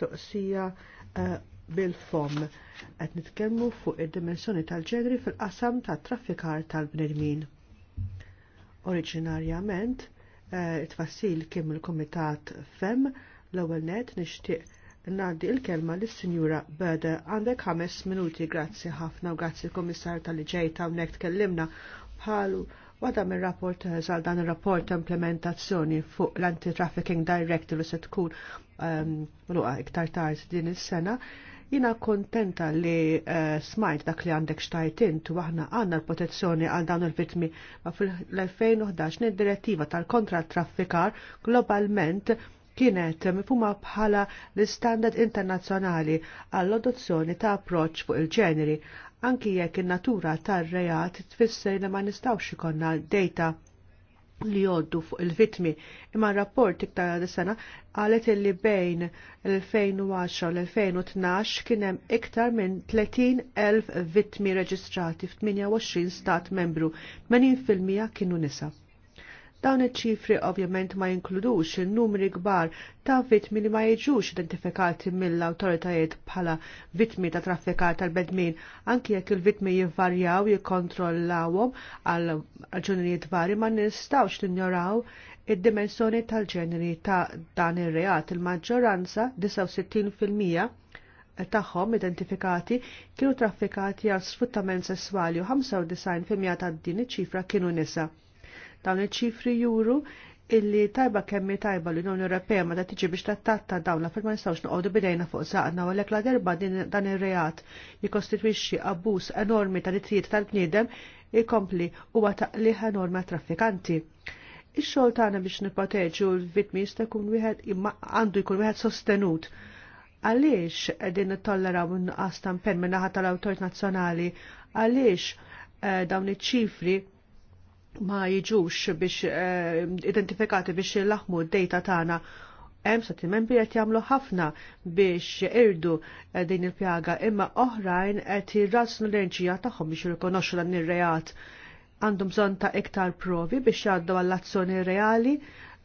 mistoqsija eh, bil-fom. Qed nitkellmu fuq id-dimensjoni tal-ġenri fil-qasam tat-traffikar tal-bnedmin. Oriġinarjament, eh, it tfassil kim il-Komitat FEM l-ewwel net nixtieq Naddi il-kelma lis sinjura Bada għandek ħames minuti, grazzi ħafna u grazzi komissar tal-ġej ta' unnek tkellimna bħalu Wada min rapport zal eh, dan il-rapport implementazzjoni fuq l-Anti-Trafficking li se tkun ehm, luqa iktar tard din is-sena, jina kontenta li eh, smajt dak li għandek xtajt tu għahna aħna għanna l-protezzjoni għal dawn il-vitmi ma fil-2011 direttiva tal-kontra traffikar globalment kienet eh, mifuma bħala l-istandard internazzjonali għall-adozzjoni ta' approċċ fuq il-ġeneri anki jekk in-natura tar-reat tfisser li ma nistgħux ikonna data li joddu fuq il-vitmi. Imma rapport iktar sena għalet li bejn l-2010 l-2012 kienem iktar minn 30.000 vitmi reġistrati f'28 stat membru, 80% kienu nisa. Dawn iċ-ċifri ovvjament ma jinkludux il-numri kbar ta' vittmi li ma jiġux identifikati mill-awtoritajiet bħala vittmi ta' traffikar tal-bedmin, anki jekk il-vittmi jivvarjaw jikkontrollawhom għal raġunijiet vari ma nistgħux ninjoraw id-dimensjoni tal-ġeneri ta' dan ir-reat. Il-maġġoranza 69% tagħhom identifikati kienu traffikati għal sfruttament sesswali u 95% ta' din iċ-ċifra kienu nisa. Dawn il-ċifri juru illi tajba kemmi tajba l-Unjoni Ewropea ma tiġi biex tattatta l fil ma nistgħux noqogħdu bidejna fuq saqna u la darba dan ir-reat jikostitwixxi abbuż enormi tal-ittijiet tal-bniedem ikompli huwa taqliħ enormi traffikanti. Ix-xogħol tagħna biex nipproteġu l-vittmi jista' jkun wieħed għandu jkun wieħed sostenut. Għaliex qegħdin nittolleraw inqas tampen min-naħa tal-awtorit nazzjonali? Għaliex eh, dawn iċ-ċifri ma jiġux biex eh, identifikati biex laħmu d-dejta tagħna hemm sentiment bi qed jagħmlu ħafna biex irdu eh, din il-pjaga imma oħrajn qed jirrasnu l-enerġija tagħhom biex jirrikonoxxu dan ir-reat. Għandhom bżonn ta' iktar provi biex jgħaddu għall-azzjoni reali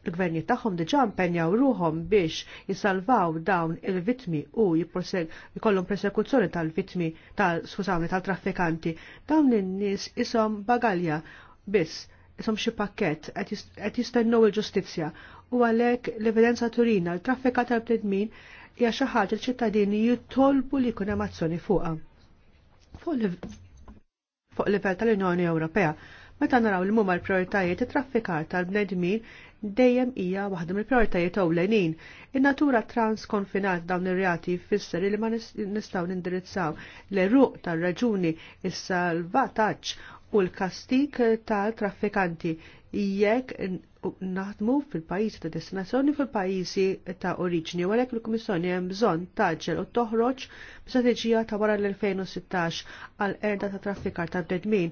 l-gvernijiet tagħhom diġà impenjaw ruhom biex jisalvaw dawn il-vitmi u jkollhom persekuzzjoni tal-vitmi tal skużawni tal-traffikanti. Dawn in-nies ishom bagalja biss, isom xi pakket qed jistennew il-ġustizzja u għalhekk l-evidenza turina l-traffika tal-bnedmin hija xi ħaġa l-ċittadini jitolbu li jkun hemm azzjoni fuqha. Fuq livell tal-Unjoni Ewropea, meta naraw li huma l-prioritajiet it-traffikar tal-bnedmin dejjem hija waħda mill-prioritajiet ewlenin. In-natura transkonfinat dawn ir-reati jfisser li ma nistgħu nindirizzaw l eruq tar-raġuni is-salvataġġ u l-kastik tal-traffikanti jekk naħdmu fil-pajjiżi ta' destinazzjoni fil-pajjiżi ta' oriġini u għalhekk il-Kummissjoni hemm bżonn taġġel u toħroġ b'strateġija ta' wara l-2016 għal erda ta' traffikar ta' bnedmin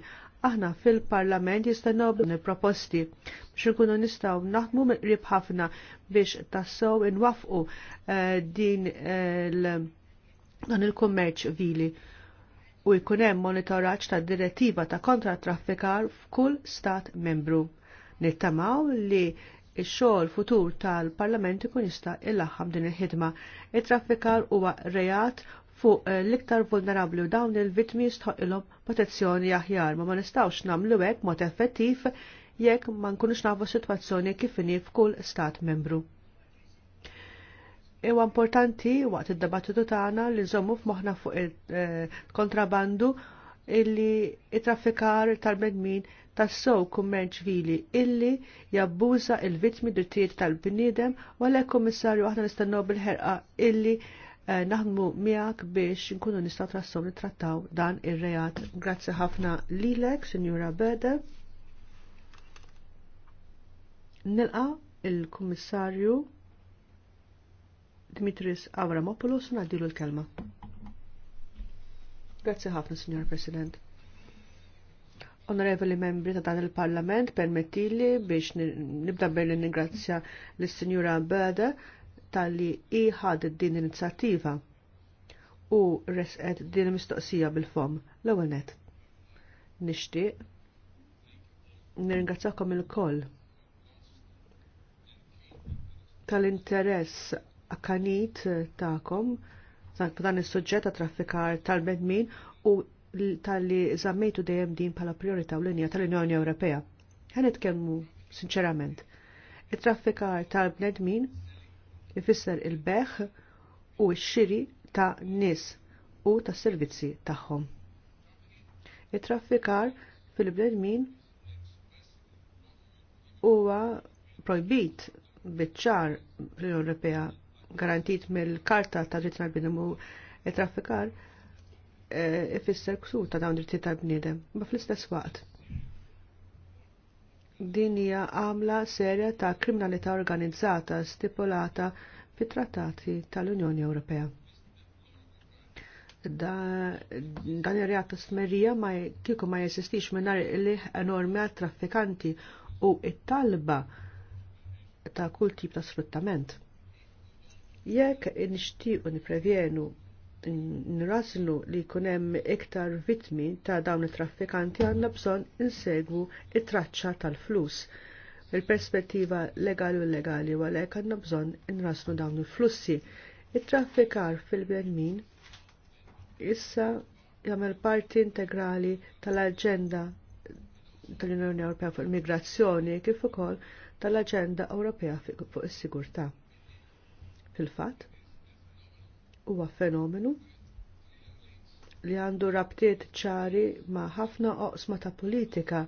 aħna fil-parlament jistennaw proposti biex nkunu nistaw naħdmu rib ħafna biex tassew inwafqu eh, din eh, dan il-kummerċ vili u jkun hemm monitoraġġ tad direttiva ta' kontra traffikar f'kull stat membru. Nittamaw li ix-xogħol futur tal-Parlament ikun jista' ilaħħam din il-ħidma. It-traffikar huwa reat fuq eh, l-iktar vulnerabbli u dawn il-vitmi jistħoqilhom protezzjoni aħjar ma ma nistgħux nagħmlu hekk mod effettiv jekk ma nkunux nafu sitwazzjoni kif inhi f'kull stat membru. Ewa importanti waqt id-debattitu tagħna li nżommu f'moħħna fuq il-kontrabandu eh, illi it-traffikar tal-medmin tas kummerċ vili illi jabbuża il-vitmi drittijiet tal-bniedem wala kummissarju aħna nistennew bil-ħerqa illi eh, naħdmu miegħek biex nkunu nistgħu trassom nittrattaw dan ir-reat. Grazzi ħafna lilek, Sinjura Bede. Nilqa' il-Kummissarju Dimitris Avramopoulos u l-kelma. Grazie ħafna, Signor President. Onorevoli membri ta' dan il-Parlament, permettili biex nibda berli ningrazzja l-Signora Bada tal-li iħad din inizjattiva u resqet din mistoqsija bil-fom l-ewwel net. Nixtieq nirringrazzakom il-koll tal-interess akkanit eh, ta'kom dan is-suġġett ta' traffikar tal-bedmin u tal-li zammejtu dejjem din bħala priorita u linja tal-Unjoni Ewropea. Għanet kemmu, sinċerament. Il-traffikar tal-bnedmin ifisser il-beħ u x-xiri ta' nis u ta' servizzi tagħhom. Il-traffikar fil-bnedmin huwa projbit biċ-ċar fl-Unjoni Ewropea garantit mill-karta ta' dritt tal-bniedem u traffikar e, ifisser ksur ta' dawn dritt tal-bniedem. Ma fl-istess waqt. Din hija għamla serja ta' kriminalità organizzata stipulata fit-trattati tal-Unjoni Ewropea. Da, dan ir-reat ta' smerija ma kieku ma jesistix minnar il-liħ enormi għal traffikanti u it-talba ta' kull tip ta' sfruttament. Jekk nixtiequ niprevjenu nraslu li kunem iktar vitmi ta' dawn it-traffikanti għandna bżonn insegwu it-traċċa tal-flus. Il-perspettiva legali u legali għalhekk għandna bżonn nraslu dawn il-flussi. It-traffikar fil-bnedmin issa jagħmel parti integrali tal-aġenda tal-Unjoni Ewropea fuq il-migrazzjoni kif ukoll tal-Aġenda Ewropea fuq is-sigurtà fil-fatt huwa fenomenu li għandu rabtiet ċari ma' ħafna oqsma ta' politika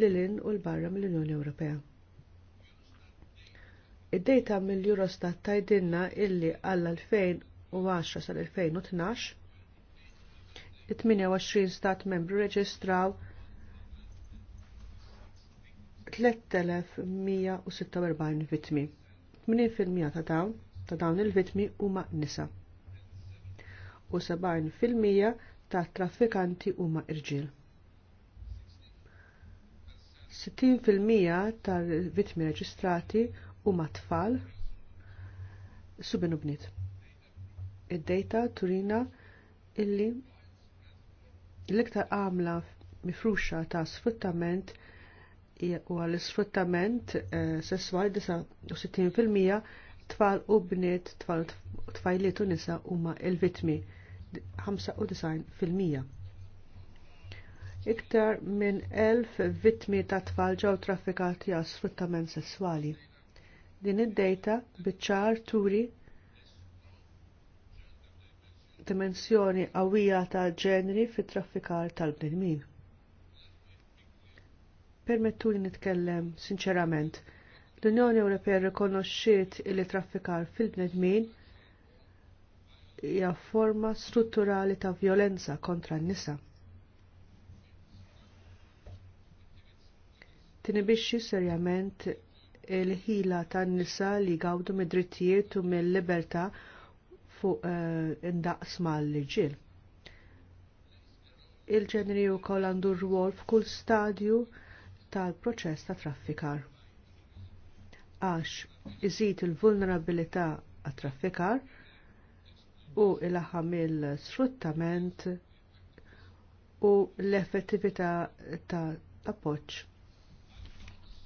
li l-in u l-barra mill-Unjoni Ewropea. Id-dejta mill-Eurostat tajdinna illi għall-2010 sal-2012 28 stat membru reġistraw 3146 vittmi. 80% ta' dawn ta' dawn il-vitmi huma nisa. U 70% ta' traffikanti huma irġiel. 60% tal-vitmi reġistrati huma tfal subinu bnit. Id-dejta turina illi l-iktar għamla mifruxa ta' sfruttament u għal sfruttament eh, sessuali 69% tfal u bniet tfal tfajliet u nisa huma il-vitmi 95%. Iktar minn 1000 vitmi ta' tfal ġew traffikati għal sfruttament sessuali. Din id-dejta biċċar turi dimensjoni qawwija ta' ġenri fit-traffikar tal-bnedmin permettu li nitkellem sinċerament. L-Unjoni Ewropea rikonoxxiet li traffikar fil-bnedmin hija forma strutturali ta' violenza kontra n-nisa. Tinibixxi serjament il-ħila tan nisa li gawdu mid-drittijiet u mill-libertà fuq uh, indaqs mal-ġil. Il-ġenri u kol għandu rwol f'kull stadju tal-proċess ta' traffikar. Għax iżid il-vulnerabilità għat traffikar u il-aħam il-sfruttament u l-effettività ta' appoġġ.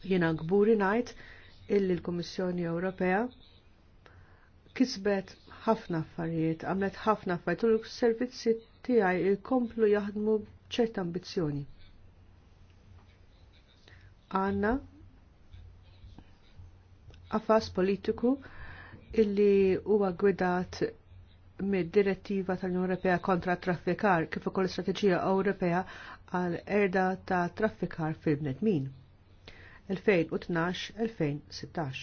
Jiena gburi ngħid illi l-Kummissjoni Ewropea kisbet ħafna affarijiet, għamlet ħafna affarijiet u l-servizzi tiegħi jkomplu jaħdmu ċerta ambizzjoni għanna għafas politiku illi huwa gwidat mid-direttiva tal-Unjoni Ewropea kontra traffikar kif ukoll strateġija Ewropea għal erda ta' traffikar fil-bnedmin 2012-2016.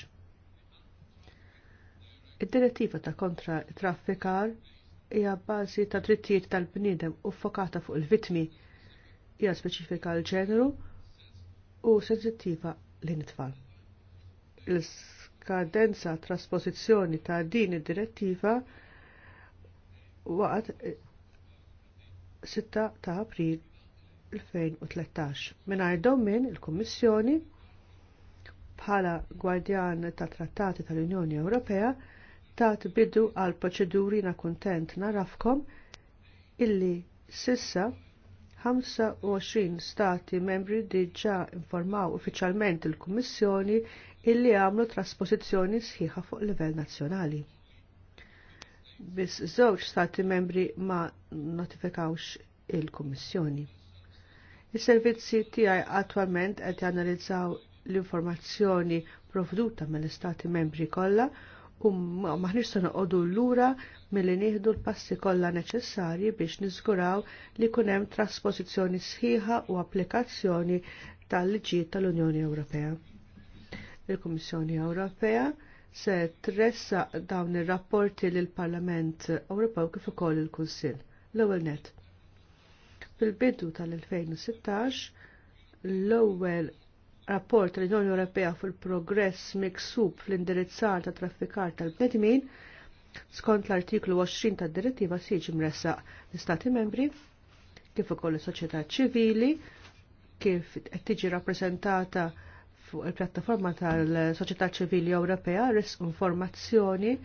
Id-direttiva ta' kontra traffikar hija bażi ta' drittijiet tal-bniedem u fokata fuq il-vitmi hija speċifika l-ġeneru u sensittiva lin tfal Il-skadenza trasposizjoni ta' din id-direttiva waqt 6 ta' april 2013. Minajr domin il-Kommissjoni bħala gwardjan ta' trattati tal-Unjoni Ewropea ta' tbiddu għal proċeduri na' kontent narafkom illi sissa 25 stati membri diġa' informaw uffiċjalment il-Kummissjoni illi għamlu trasposizzjoni sħiħa fuq livell nazzjonali. Biss żewġ stati membri ma notifikawx il-Kummissjoni. Is-servizzi tiegħi attwalment qed janalizzaw l-informazzjoni provduta mill-istati membri kollha u maħniġ se noqogħdu lura milli nieħdu l-passi kollha neċessarji biex niżguraw li kun hemm trasposizzjoni sħiħa u applikazzjoni tal-liġijiet tal-Unjoni Ewropea. Il-Kummissjoni Ewropea se tressa dawn ir-rapporti lil parlament Ewropew kif ukoll il-Kunsill. L-ewwel net. Fil-bidu tal-2016 l-ewwel rapport l-Unjoni Ewropea fil-progress miksub fl-indirizzar ta' traffikar tal-bnedmin skont l-artiklu 20 tad direttiva siġi mressaq l-Istati membri kif ukoll is-soċjetà ċivili kif qed tiġi rappreżentata fuq il-pjattaforma tal-Soċjetà Ċivili Ewropea ris informazzjoni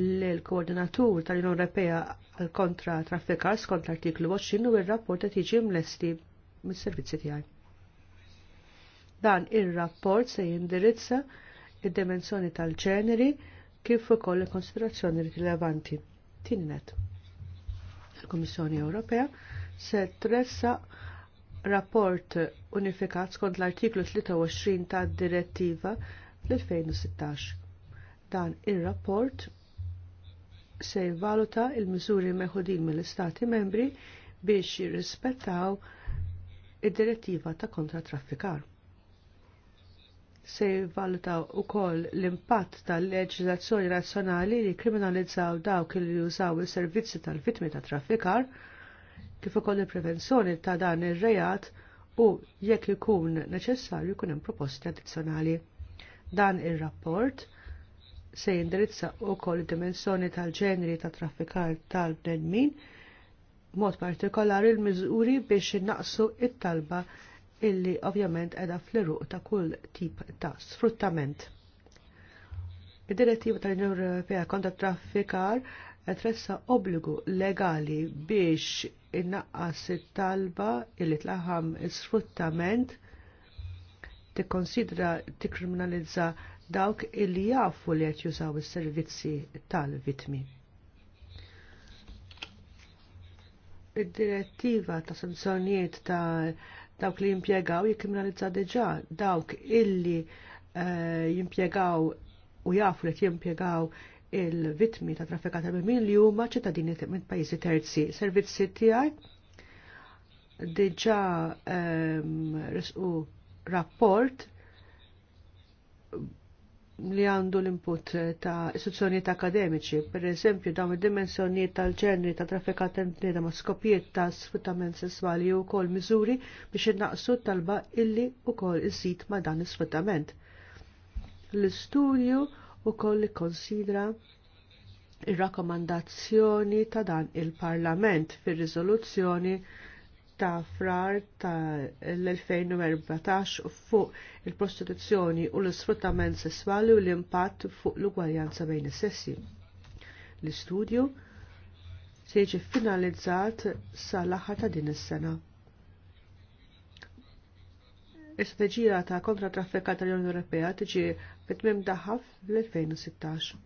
l-koordinatur tal-Unjoni Ewropea għal kontra traffikar skont l-artiklu 20 u r rapport qed jiġi mlesti mis-servizzi tiegħi. Dan ir-rapport se jindirizza id-dimensjoni tal-ġeneri kif ukoll il konsiderazzjoni rilevanti. Tinnet. Il-Kummissjoni Ewropea se tressa rapport unifikat skont l-artiklu 23 tad-direttiva l-2016. Dan ir-rapport se jvaluta il-miżuri meħudin mill-Istati membri biex jirrispettaw id-direttiva ta' kontra traffikar se jivvalutaw ukoll l-impatt tal-leġiżlazzjoni nazzjonali li kriminalizzaw dawk li jużaw is-servizzi tal-vittmi ta' traffikar, kif ukoll il-prevenzjoni ta' dan ir-rejat u jekk ikun neċessarju jkun hemm proposti addizzjonali. Dan ir-rapport se jindirizza wkoll id-dimensjoni tal-ġenri ta' traffikar tal-bnedmin, mod partikolari l-miżuri biex innaqsu it-talba it talba illi ovvjament edha fl-iruq ta' kull tip ta' sfruttament. Id-direttiva tal-Unjoni Ewropea kontra traffikar tressa obbligu legali biex innaqqas it-talba illi tlaħam sfruttament tikkonsidra tikkriminalizza dawk illi jafu li qed jużaw is-servizzi tal-vitmi. Id-direttiva ta' sanzjonijiet ta' dawk li jimpjegaw jikkriminalizza diġà dawk illi eh, jimpjegaw u jafu li jimpjegaw il-vitmi ta' traffikata bimmin li huma ċittadini minn pajjiżi terzi. Servizzi tiegħi diġà um, ehm, risqu rapport li għandu l-input ta' istituzzjonijiet akademiċi, per eżempju dawn id-dimensjonijiet tal-ġenri ta' traffikat imtnieda ma' skopijiet ta' sfruttament sesswali u kol miżuri biex innaqsu talba illi u kol iżid ma' dan is-sfruttament. L-istudju u li konsidra ir-rakkomandazzjoni ta' dan il-Parlament fir-riżoluzzjoni ta' frar ta' l-2014 fuq il-prostituzzjoni u l-sfruttament sessuali u l-impatt fuq l-ugwaljanza bejn is-sessi. L-istudju se jiġi finalizzat sal-aħħar ta' din is-sena. Is-strateġija ta' kontra traffika tal-Unjoni Ewropea tiġi fit-tmiem daħħa fl-2016.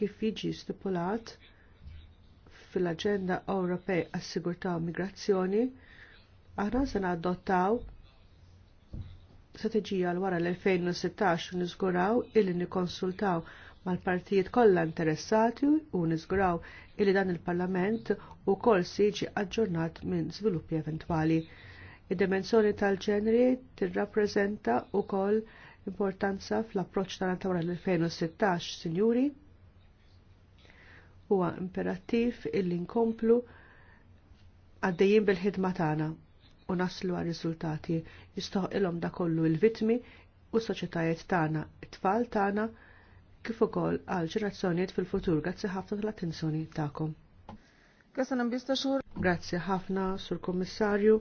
Kif jiġi stipulat fil-Aġenda Ewropej għas-Sigurtà u Migrazzjoni, aħna se nadottaw strateġija l wara l-2016 u niżguraw illi nikkonsultaw mal-partijiet kollha interessati u niżguraw illi dan il-Parlament u kol siġi aġġornat minn sviluppi eventwali. Id-dimensjoni tal-ġenri tirrappreżenta wkoll importanza fl-approċċ tagħna wara l-2016, sinjuri, huwa imperattiv illi nkomplu għaddejjin bil-ħidma tagħna u naslu għal riżultati jistoħqilhom da kollu l-vitmi u s-soċjetajiet tagħna, it-tfal tagħna kif ukoll għal ġenerazzjonijiet fil-futur grazzi ħafna tal-attenzjoni tagħkom. Kasanam bista xhur. Grazzi ħafna sur Kommissarju.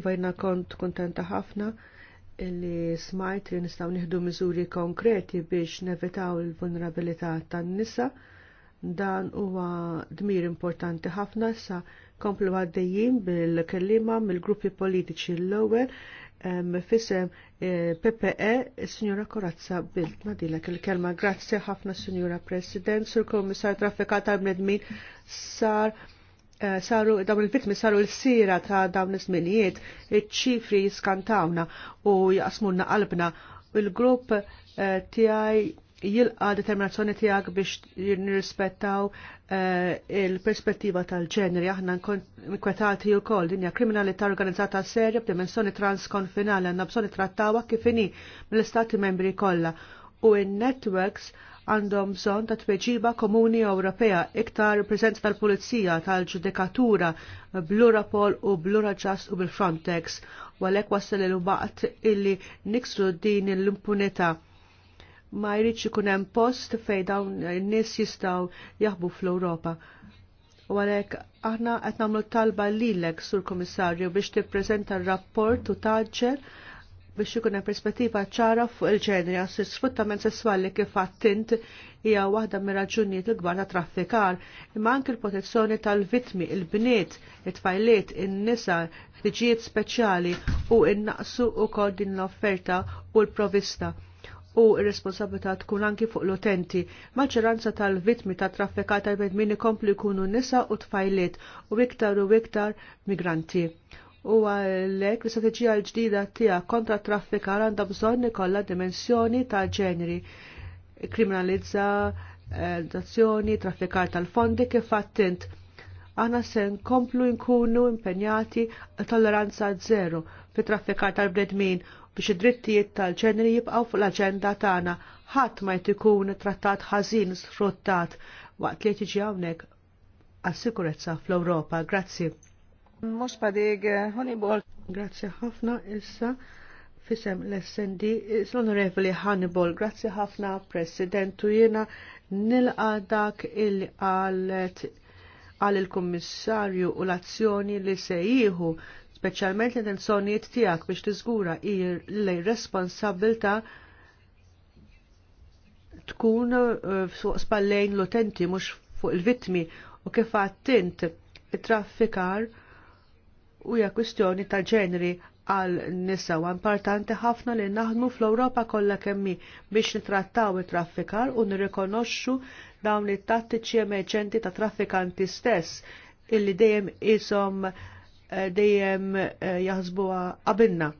Iva jina kont kontenta ħafna Illi smajt li nistaw nieħdu miżuri konkreti biex nevitaw il-vulnerabilità tan-nisa dan huwa dmir importanti ħafna sa komplu għaddejjin bil-kellima mill-gruppi politiċi l-ewwel fisem PPE, e, signora Korazza Bilt, nadilek il-kelma. Grazie ħafna, signora President, sur komissar traffika tal-bnedmin sar saru dawn il-vittmi saru l-sira ta' dawn iż-żminijiet, iċ-ċifri jiskantawna u jaqsmulna qalbna. Il-grupp eh, tiegħi jilqa determinazzjoni tiegħek biex nirrispettaw eh, il-perspettiva tal-ġeneri. Aħna nkwetati wkoll dinja kriminalità organizzata serja b'dimensjoni transkonfinali għandna bżonn trattawa kif inhi mill-istati membri kollha u in-networks għandhom bżonn ta' tweġiba komuni Ewropea iktar preżenza tal-Pulizija tal-Ġudikatura bl-Europol u bl-Eurojust u bil-Frontex u għalhekk wasal il-waqt illi niksru din l-impunità ma jridx ikun hemm post fejn dawn in-nies jistgħu jaħbu fl-Ewropa. U għalhekk aħna qed nagħmlu talba lilek sur komissarju biex tippreżenta r-rapport u taġġel biex ikun hemm perspettiva ċara fuq il-ġenri għas sfruttament sesswali kif għattint hija waħda mir-raġunijiet il kbar ta' traffikar, imma anke l-protezzjoni tal-vitmi, il-bniet, it-tfajliet, in-nisa, ħtiġijiet speċjali u innaqsu wkoll din l-offerta u l-provista u r-responsabilità tkun anki fuq l-utenti. Maġġoranza tal-vitmi ta' traffikata tal-bedmini komplu jkunu nisa u tfajliet u iktar u iktar migranti u għalhekk l-istrateġija l-ġdida tiegħek kontra traffikar għanda bżonn ikollha dimensjoni ta' ġeneri kriminalizza dazzjoni, eh, traffikar tal-fondi kif għattint. Aħna se nkomplu nkunu impenjati tolleranza zero fi traffikar tal-bredmin biex id-drittijiet tal-ġeneri jibqgħu fuq l-aġenda tagħna. Ħadd ma jt ikun trattat ħażin sfruttat waqt li tiġi hawnhekk għas-sikurezza fl-Ewropa. Grazzi. Mux padig, eh, Honeyball. Grazie ħafna issa fisem l-SND, l-Onorevoli Hannibal. Grazie ħafna, Presidentu jena nilqa dak il-għalet għal il-Kommissarju u l-azzjoni li se jieħu speċjalment l intenzjoniet tiegħek biex tiżgura li responsabilta tkun eh, fuq spallejn l-utenti mhux fuq il-vittmi u kif għattint it-traffikar u hija kwistjoni ta' ġenri għal nisa u importanti ħafna li naħdmu fl-Ewropa kollha kemmi biex nitrattaw it-traffikar u nirrikonoxxu dawn it-tattiċi emerġenti ta' traffikanti stess illi dejjem isom eh, dejjem eh, jaħsbuha qabilna.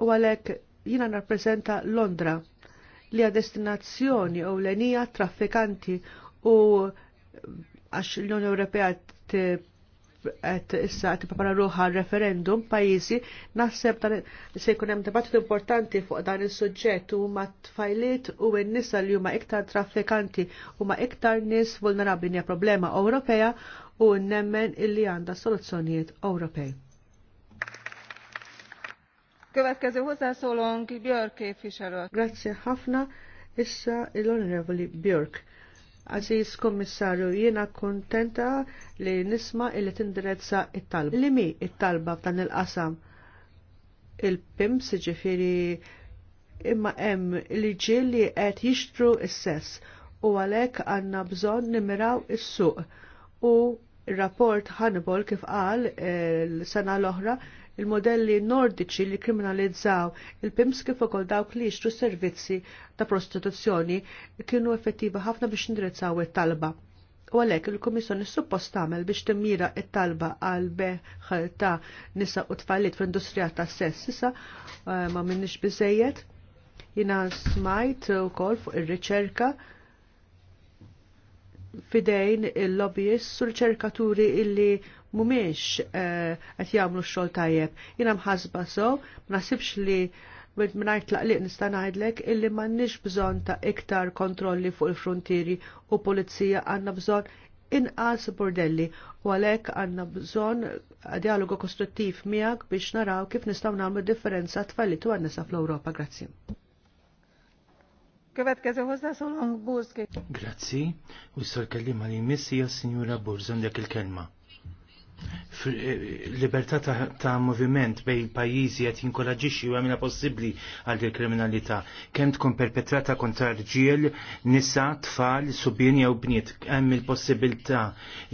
U għalhekk jiena narrappreżenta Londra li hija destinazzjoni ewlenija traffikanti u għax l-Unjoni Ewropea qed issa qed prepara ruħha referendum pajjiżi naħseb dan se jkun hemm dibattitu importanti fuq dan is-suġġett huma tfajliet u n-nisa li huma iktar traffikanti huma iktar nies vulnerabbli hija problema Ewropea u nemmen illi għandha soluzzjonijiet Ewropej. Következő hozzászólónk Björk képviselő. Grazie ħafna, issa l-Onorevoli Björk. Aziz Kommissarju, jiena kontenta li nisma illi tindirezza it-talba. Li mi it-talba f'dan il-qasam? Il-pims ġifiri imma hemm liġi li qed jixtru s-sess u għalhekk għandna bżonn nimiraw is-suq u rapport Hannibal kif qal eh, l-sena l-oħra il-modelli nordiċi li kriminalizzaw il-pims kif ukoll dawk li jixtru servizzi ta' prostituzzjoni kienu effettiva ħafna biex indirizzaw it-talba. U għalhekk il-Kummissjoni suppost tagħmel biex timmira it-talba għal beħ ta' nisa u tfalit fl-industrija ta' sess issa eh, ma minnix biżejjed. Jina smajt ukoll fuq ir-riċerka fidejn il-lobbyist u riċerkaturi illi mumiex eh, qed jagħmlu x-xogħol tajjeb. Jiena mħasba so, naħsibx li minnajt tlaqliq nista' ngħidlek illi m'għandniex bżonn ta' iktar kontrolli fuq il-frontieri u pulizija għandna bżonn inqas bordelli u għalhekk għandna bżonn dialogu kostruttiv miegħek biex naraw kif nistgħu nagħmlu differenza tfallit u għan-nisa fl-Ewropa. Grazzi. Következő hozzászólónk Burzki. Grazzi, u s-sor kellima li missija sinjura Burzon dak il-kelma libertà ta' moviment bej pajjiżi qed jinkoraġixxi u għamina possibbli għal il kriminalità kemm tkun perpetrata kontra rġiel, nisa, tfal, subin jew bniet, hemm il-possibilità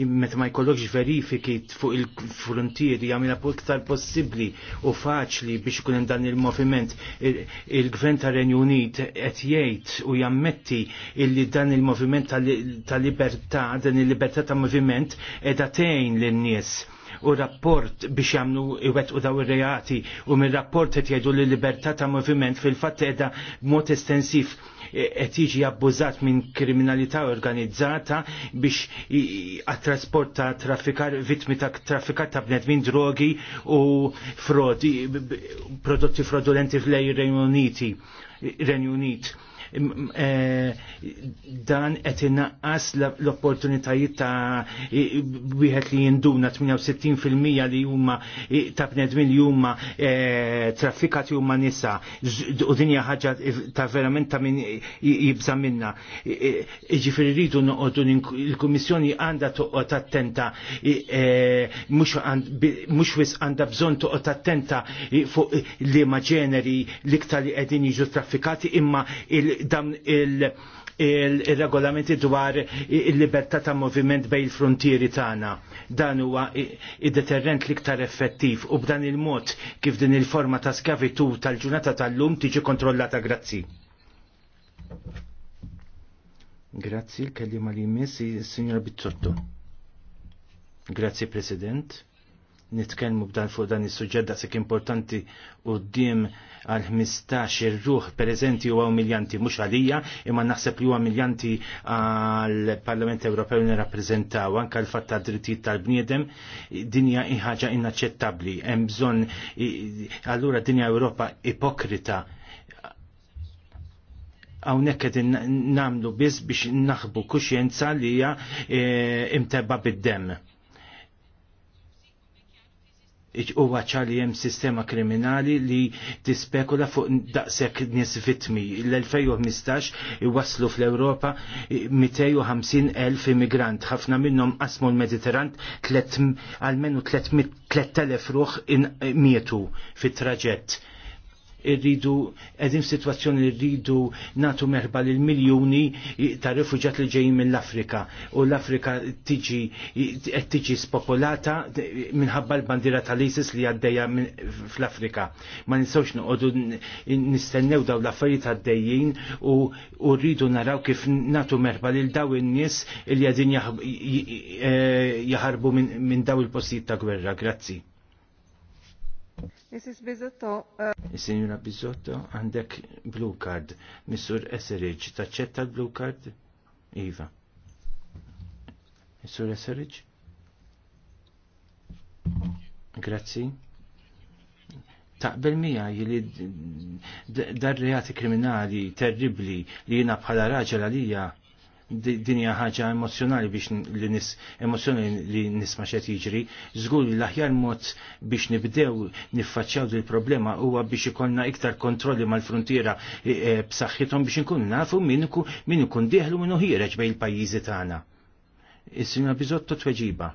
meta ma jkollokx verifiki fuq il-frontieri għamilha iktar possibbli u faċli biex ikun hemm dan il-moviment. Il-Gvern tar Renju Unit qed jgħid u jammetti illi dan il-moviment tal-libertà, dan il-libertà ta' moviment edatejn tgħin lin-nies u rapport biex jamlu iwet u daw reati u mir rapport qed jgħidu li libertà ta' moviment fil-fatt qiegħda b'mod estensiv qed jiġi abbużat minn kriminalità organizzata biex għat-trasport ta' traffikar vittmi ta' traffikar ta' bnedmin drogi u frodi prodotti frodolenti fl-Renju Uniti. Renju Unit Eh, dan qed inaqqas l-opportunitajiet ta' wieħed li jinduna 68% li huma ta' bnedmin li huma eh, traffikati huma nisa u dinja ħaġa eh, ta' verament ta' min jibża minna. Ġifieri rridu noqogħdu il-Kummissjoni għandha toqgħod attenta mhux wis għandha bżonn toqgħod attenta fuq liema ġeneri l-iktar li qegħdin jiġu traffikati imma il Dan il- il-regolamenti dwar il-libertà ta' moviment bej il-frontieri tagħna. Dan huwa id-deterrent l-iktar effettiv u b'dan il-mod kif din il-forma ta' skavitu tal-ġurnata tal-lum tiġi kontrollata grazzi. Grazzi, l-kellima li jmiss, signor Bizzotto. Grazzi, President nitkellmu b'dan fuq dan is-suġġett daqshekk importanti quddiem għal 15 ir-ruħ pereżenti huwa umiljanti mhux għalija imma naħseb li huwa umiljanti għall Parlament Ewropew nirrappreżentaw anke l fatt ta' drittijiet tal-bniedem dinja ħaġa inaċċettabbli hemm bżonn allura dinja Ewropa ipokrita għawnek qed namlu biss biex naħbu kuxjenza li hija eh, imtebba bid demm huwa ċar li hemm sistema kriminali li tispekula fuq daqshekk nies vittmi. L-2015 iwaslu fl-Ewropa 250 elf immigrant, ħafna minnhom qasmu l mediterrant għalmenu 300 ruħ mietu fit-traġett irridu edin situazzjoni irridu natu merba l miljoni ta' rifugġat li ġejjin mill-Afrika u l-Afrika tiġi qed tiġi spopolata minħabba l-bandira tal-ISIS li għaddejja fl-Afrika. Ma nistgħux noqogħdu nistennew daw l-affarijiet għaddejjin u rridu naraw kif natu merba lil daw in-nies li qegħdin jaħarbu eh, minn daw il-postijiet ta' gwerra. Grazzi. Mrs. Bizzotto. Eh, eh, signora Bizzotto, għandek blue card. Missur Eseric, taċċetta l-blue card? Iva. Missur Eseric? Grazzi. Taqbel mija jili dar reati kriminali terribli li jina bħala raġel għalija din hija ħaġa emozjonali biex li nis emozjonali li nisma xed jiġri, żgur l-aħjar mod biex nibdew niffaċċjaw il problema huwa biex ikonna iktar kontrolli mal-frontiera e, e, b'saħħithom biex inkunu nafu min min ikun dieħlu minnu ħireġ bejn il-pajjiżi tagħna. Is-sinja Bizotto tweġiba.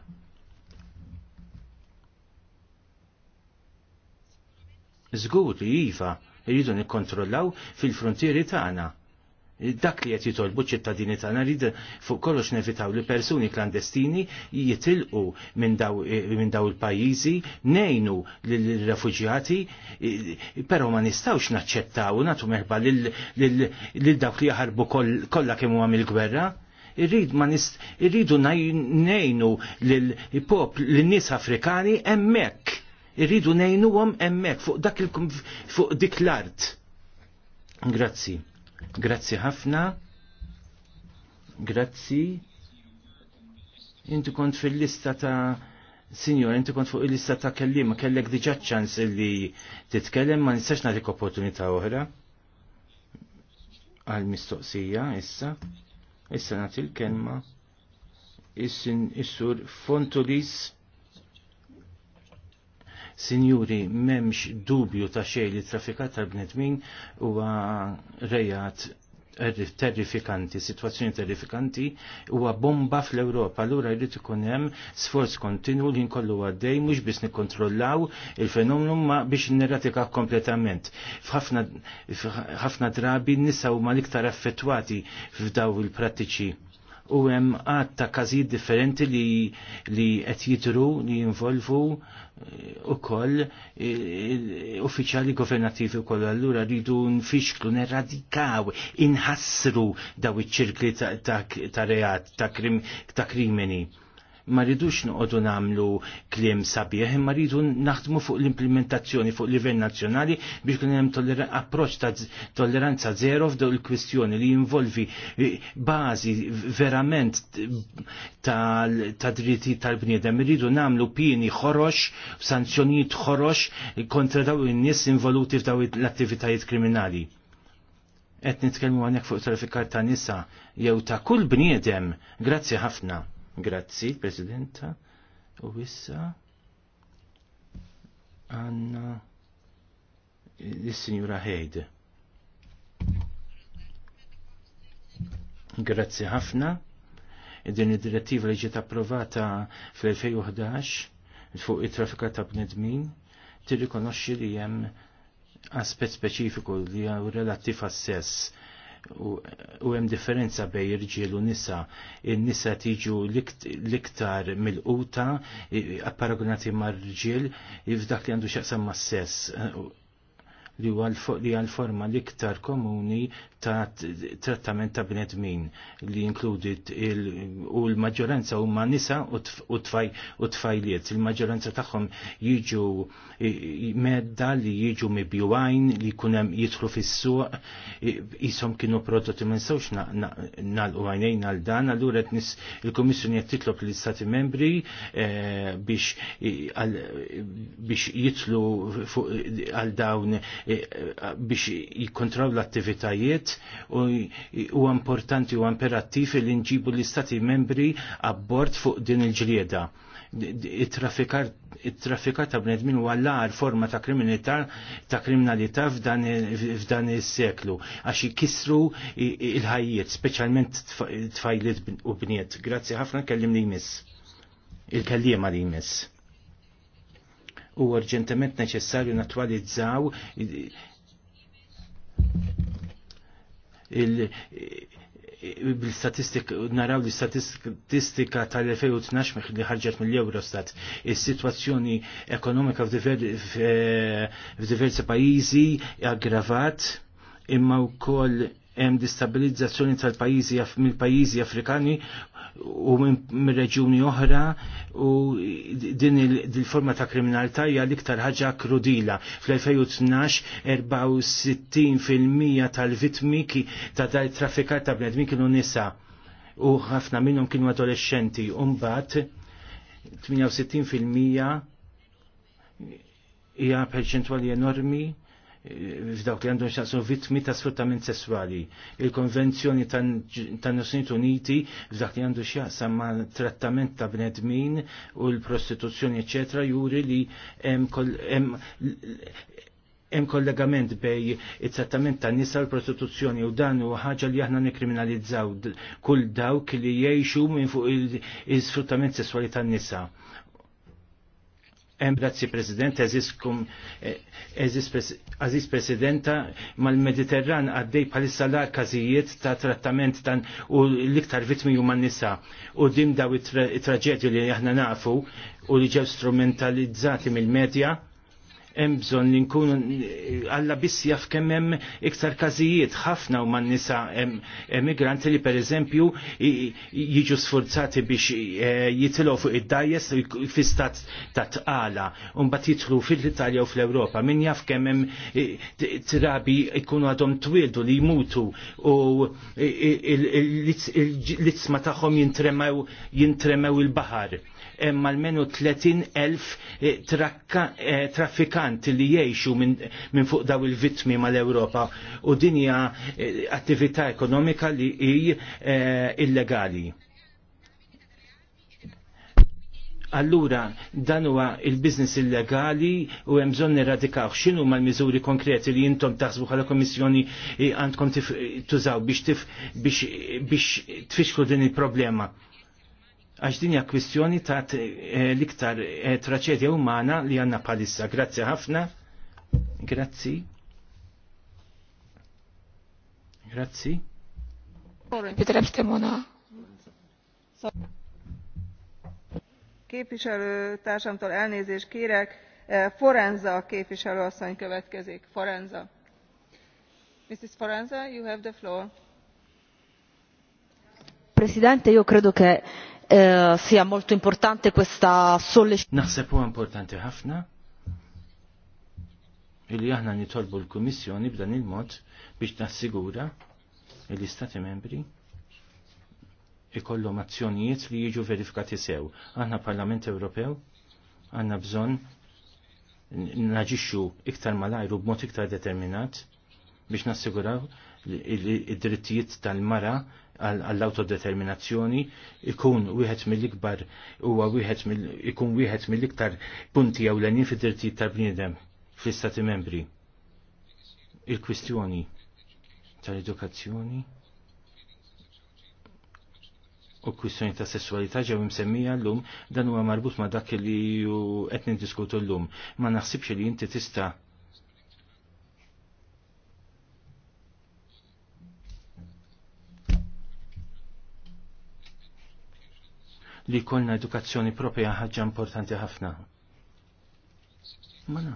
Żgur li iva, irridu nikkontrollaw fil-frontieri tagħna dak li qed jitolbu ċittadini tagħna rid fuq kollox nevitaw li persuni klandestini jitilqu minn daw, min daw il-pajjiżi nejnu l refuġjati però ma nistgħux naċċettaw nagħtu meħba lil dawk li jaħarbu kollha kemm huwa mill-gwerra. Irrid ma nist irridu nejnu l pop lin-nies Afrikani hemmhekk. Irridu nejnuhom hemmhekk fuq dak fuq dik l-art. Grazzi. Grazzi ħafna. Grazzi. Inti kont fil-lista ta' Signor, inti kont fuq il-lista ta' ma kellek diġa ċans li titkellem ma nistax nagħtik opportunità oħra għal mistoqsija issa. Issa nagħti l-kelma is-sur Fontulis Sinjuri, memx dubju ta' xej li trafikat tal-bnedmin huwa rejat terrifikanti, situazzjoni terrifikanti, huwa bomba fl-Ewropa. Allura jrid ikun hemm sforz kontinu li nkollu għaddej mhux biss nikkontrollaw il-fenomenu ma biex nirratika kompletament. F'ħafna drabi nisa huma l-iktar affettwati f'daw il-prattiċi u hemm għad ta' każijiet differenti li li qed jidru li jinvolvu eh, ukoll eh, uffiċjali governattivi wkoll allura rridu nfixklu nerradikaw inħassru daw iċ-ċirkli ta' reat ta' krimini ma rridux noqogħdu nagħmlu kliem sabiħ, imma rridu naħdmu fuq l-implementazzjoni fuq livell nazzjonali biex kien hemm approċċ ta' tolleranza zero f'daw il-kwistjoni li jinvolvi eh, bażi verament ta' dritti tal-bniedem. Rridu nagħmlu pieni ħorox, sanzjonijiet ħorox kontra daw in-nies involuti f'daw l-attivitajiet kriminali qed nitkellmu għandek fuq trafikar ta' nisa jew ta' kull bniedem, grazzi ħafna. Grazzi, Presidenta. U issa għanna il-Sinjura Heid. Grazzi ħafna. Din id-direttiva li ġiet approvata fl-2011 fuq it-traffika ta' bnedmin tirrikonoxxi li hemm aspett speċifiku li hu relattiv għas-sess u hemm differenza bej irġiel u nisa. In-nisa tiġu l-iktar mill-quta apparagunati mar-rġiel f'dak li għandu x'aqsam mas-sess li huwa l-forma l-iktar komuni ta' trattament ta' bnedmin li inkludit u l-maġġoranza huma nisa u tfajliet. Il-maġġoranza tagħhom jiġu medda li jiġu mibjuwajn li jkun hemm jidħlu fis-suq ishom kienu prodotti ma nistgħux nagħlqu għajnejn għal dan, allura nis il-Kummissjoni qed titlob lill-Stati Membri eh, biex biex jitlu għal dawn Eh, eh, biex jikontroll l-attivitajiet u importanti u imperattivi li nġibu l-istati membri abbord fuq din il-ġlieda. It-traffikar ta' bnedmin u għallar forma ta' kriminalità ta' kriminalità f'dan is-seklu għax jikisru il-ħajjiet, speċjalment tfajlit u bniet. Grazzi ħafna li jmiss. il kellim li jmiss u urġentament neċessarju natwalizzaw bil-statistik, naraw l-statistika tal-2012 li ħarġet mill-Eurostat, il-situazzjoni ekonomika f'diversi pajizi aggravat imma u koll hemm distabilizzazzjoni tal pajizi mill-pajjiżi Afrikani u minn reġjuni oħra u din il-forma ta' kriminalità hija l-iktar ħaġa krudila. Fl-2012 64% tal-vitmi ta' dal traffikar ta' bnedmi kienu nisa u ħafna minnhom kienu adolescenti u mbagħad 68% hija perċentwali enormi f'dawk li għandhom xaqsu vittmi ta' sfruttament sessuali. Il-konvenzjoni ta' Nazzjonijiet Uniti f'dak li għandu x'jaqsam ma' trattament ta' bnedmin u l-prostituzzjoni ecc. juri li hemm kollegament bej it-trattament ta' nisa u l prostituzzjoni u dan u ħaġa li aħna nikriminalizzaw kull dawk li jgħixu minn fuq il-sfruttament sessuali tan nisa Embrazzi President, e, eżis Presidenta, mal-Mediterran għaddej palissa l kazijiet ta' trattament tan u l-iktar vitmi huma nisa u dim daw it-traġedju li aħna nafu u li ġew strumentalizzati mill-medja hemm bżonn li nkunu alla biss jaf kemm hemm iktar każijiet ħafna man nisa emigranti li pereżempju jiġu sforzati biex jitilgħu fuq id-dajes fi stat ta' tqala u mbagħad jidħlu fil-Italja u fl-Ewropa. Min jaf kemm hemm trabi jkunu għadhom twildu li jmutu u l-itzma tagħhom jintremew il-baħar mal-menu 30.000 eh, eh, traffikanti li jiexu minn fuq daw il-vitmi mal-Europa u dinja eh, attività ekonomika li hija illegali. Allura, dan huwa il-biznis illegali u hemm bżonn irradikaw x'inhu mal-miżuri konkreti li intom taħsbu bħala Kommissjoni għandkom tużaw biex biex biex tfixklu din il-problema għax din hija kwistjoni ta' eh, l-iktar eh, traċedja umana li għanna palissa. Grazzi ħafna. Grazzi. Grazzi. Pietrem Stemona. Képviselőtársamtól elnézést kérek. Eh, Forenza képviselőasszony következik. Forenza. Mrs. Forenza, you have the floor. Presidente, io credo che eh, sia molto importante questa sollecitazione. Naħseb huwa importanti ħafna illi aħna nitolbu l-Kummissjoni b'dan il-mod biex tassigura l-Istati membri ikollhom azzjonijiet li jiġu verifikati sew. Aħna Parlament Ewropew għandna bżonn naġixxu iktar malajru b'mod iktar determinat biex nassiguraw id-drittijiet tal-mara għall-autodeterminazzjoni ikun wieħed mill-ikbar huwa wieħed ikun wieħed mill-iktar punti ewlenin fid-drittijiet tal-bniedem fl-Istati Membri. Il-kwistjoni tal-edukazzjoni u kwistjoni ta' sessualità ġew msemmija llum dan huwa marbut ma' dak li qed niddiskutu llum. Ma naħsibx li inti tista' li kolna edukazzjoni propja ħaġa importanti ħafna. Mana,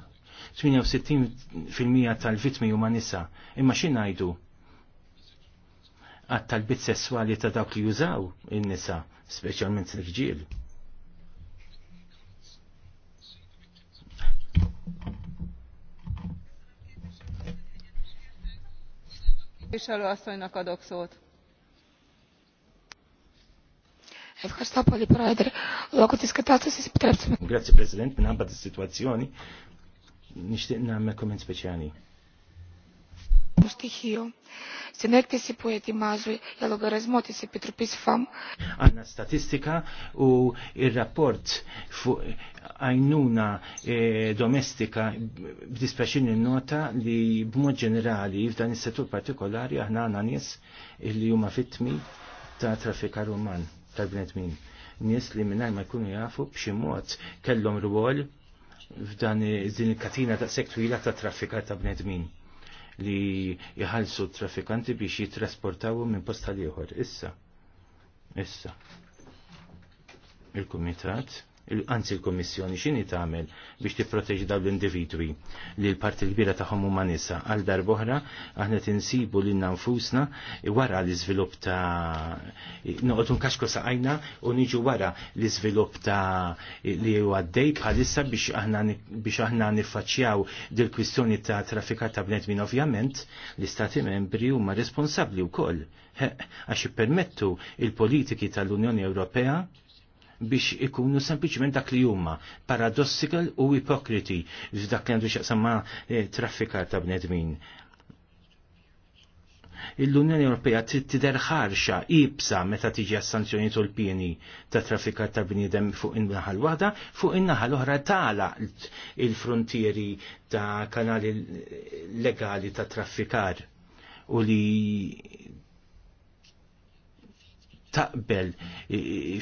68% tal-vitmi huma nisa, imma xi ngħidu? Għat tal-bit sessuali ta' dawk li jużaw in-nisa, speċjalment l ġil Képviselő asszonynak adok szót. Ευχαριστώ πολύ, Πρόεδρε. Λόγω της Grazie, President, minħabba τη situazzjoni. Nishtiq namme komment speċjali. Στοιχείο. Στην έκθεση που ετοιμάζω si λογαριασμό e e fam. Għanna statistika u il-rapport fu għajnuna eh, domestika b'dispaċin il-nota li b'mod ġenerali f'dan il settur partikolari għanna nis il li juma fitmi ta' trafika uman tal-bnedmin. Nies li mingħajr ma jkunu jafu b'xi mod kellhom rwol f'dan din il-katina ta' sektwila ta' traffika ta' bnedmin li jħalsu traffikanti biex jitrasportawu minn posta liħor. Issa, issa, il-Kumitat anzi l-Kommissjoni x'inhi tagħmel biex tipproteġi dawn l-individwi li l-parti l kbira tagħhom huma nisa għal darb'oħra aħna tinsibu lil nfusna wara l-iżvilupp ta' noqgħod nkaxku saqajna u niġu wara l-iżvilupp ta' li huwa għaddej bħalissa biex aħna niffaċċjaw dil kwistjoni ta' traffikat ta' bnedmin ovvjament l-istati membri huma responsabbli wkoll għax ippermettu il-politiki tal-Unjoni Ewropea biex ikunu sempliciment dak li huma paradossical u ipokriti f'dak li għandu xaqsamma eh, traffikar ta' bnedmin l-Unjoni Ewropea tidher ħarxa ibsa meta tiġi għas-sanzjoni u l-pieni ta' traffikar ta' bniedem fuq in-naħal waħda, fuq in naħa l oħra tala il-frontieri ta' kanali legali ta' traffikar u li taqbel